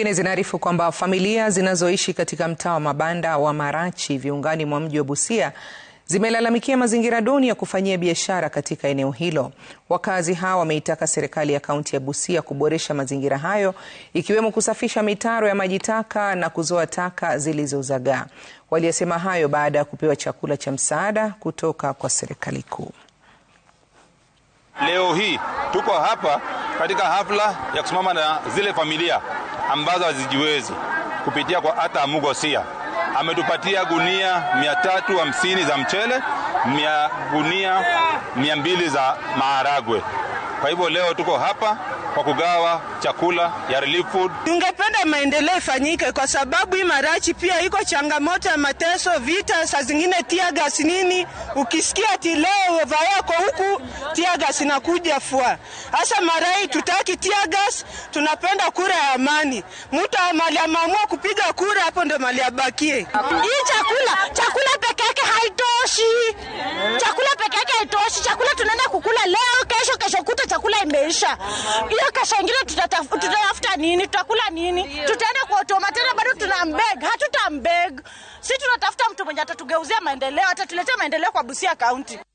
Nyingine zinaarifu kwamba familia zinazoishi katika mtaa wa mabanda wa Marachi viungani mwa mji wa Busia zimelalamikia mazingira duni ya kufanyia biashara katika eneo hilo. Wakazi hao wameitaka serikali ya kaunti ya Busia kuboresha mazingira hayo ikiwemo kusafisha mitaro ya maji taka na kuzoa taka zilizozagaa. waliyesema hayo baada ya kupewa chakula cha msaada kutoka kwa serikali kuu. Leo hii tuko hapa katika hafla ya kusimama na zile familia ambazo hazijiwezi kupitia kwa hata amugosia ametupatia gunia mia tatu hamsini za mchele, mia gunia mia mbili za maharagwe. Kwa hivyo leo tuko hapa kwa kugawa chakula ya relief food. Tungependa maendeleo ifanyike, kwa sababu hii Marachi pia iko changamoto ya mateso, vita, saa zingine tiagas nini. Ukisikia ti leo ova yako huku tiagas inakuja fua hasa Marai, tutaki tiagas, tunapenda kura ya amani. Mtu mali ameamua kupiga kura, hapo ndo mali abakie. Hii chakula chakula imeisha. Hiyo kesho ingine tutatafuta nini? Tutakula nini? Tutaenda kwa Otoma tena, bado tunambeg, hatutambeg. Si tunatafuta mtu mwenye atatugeuzia maendeleo, atatuletea maendeleo kwa Busia Kaunti.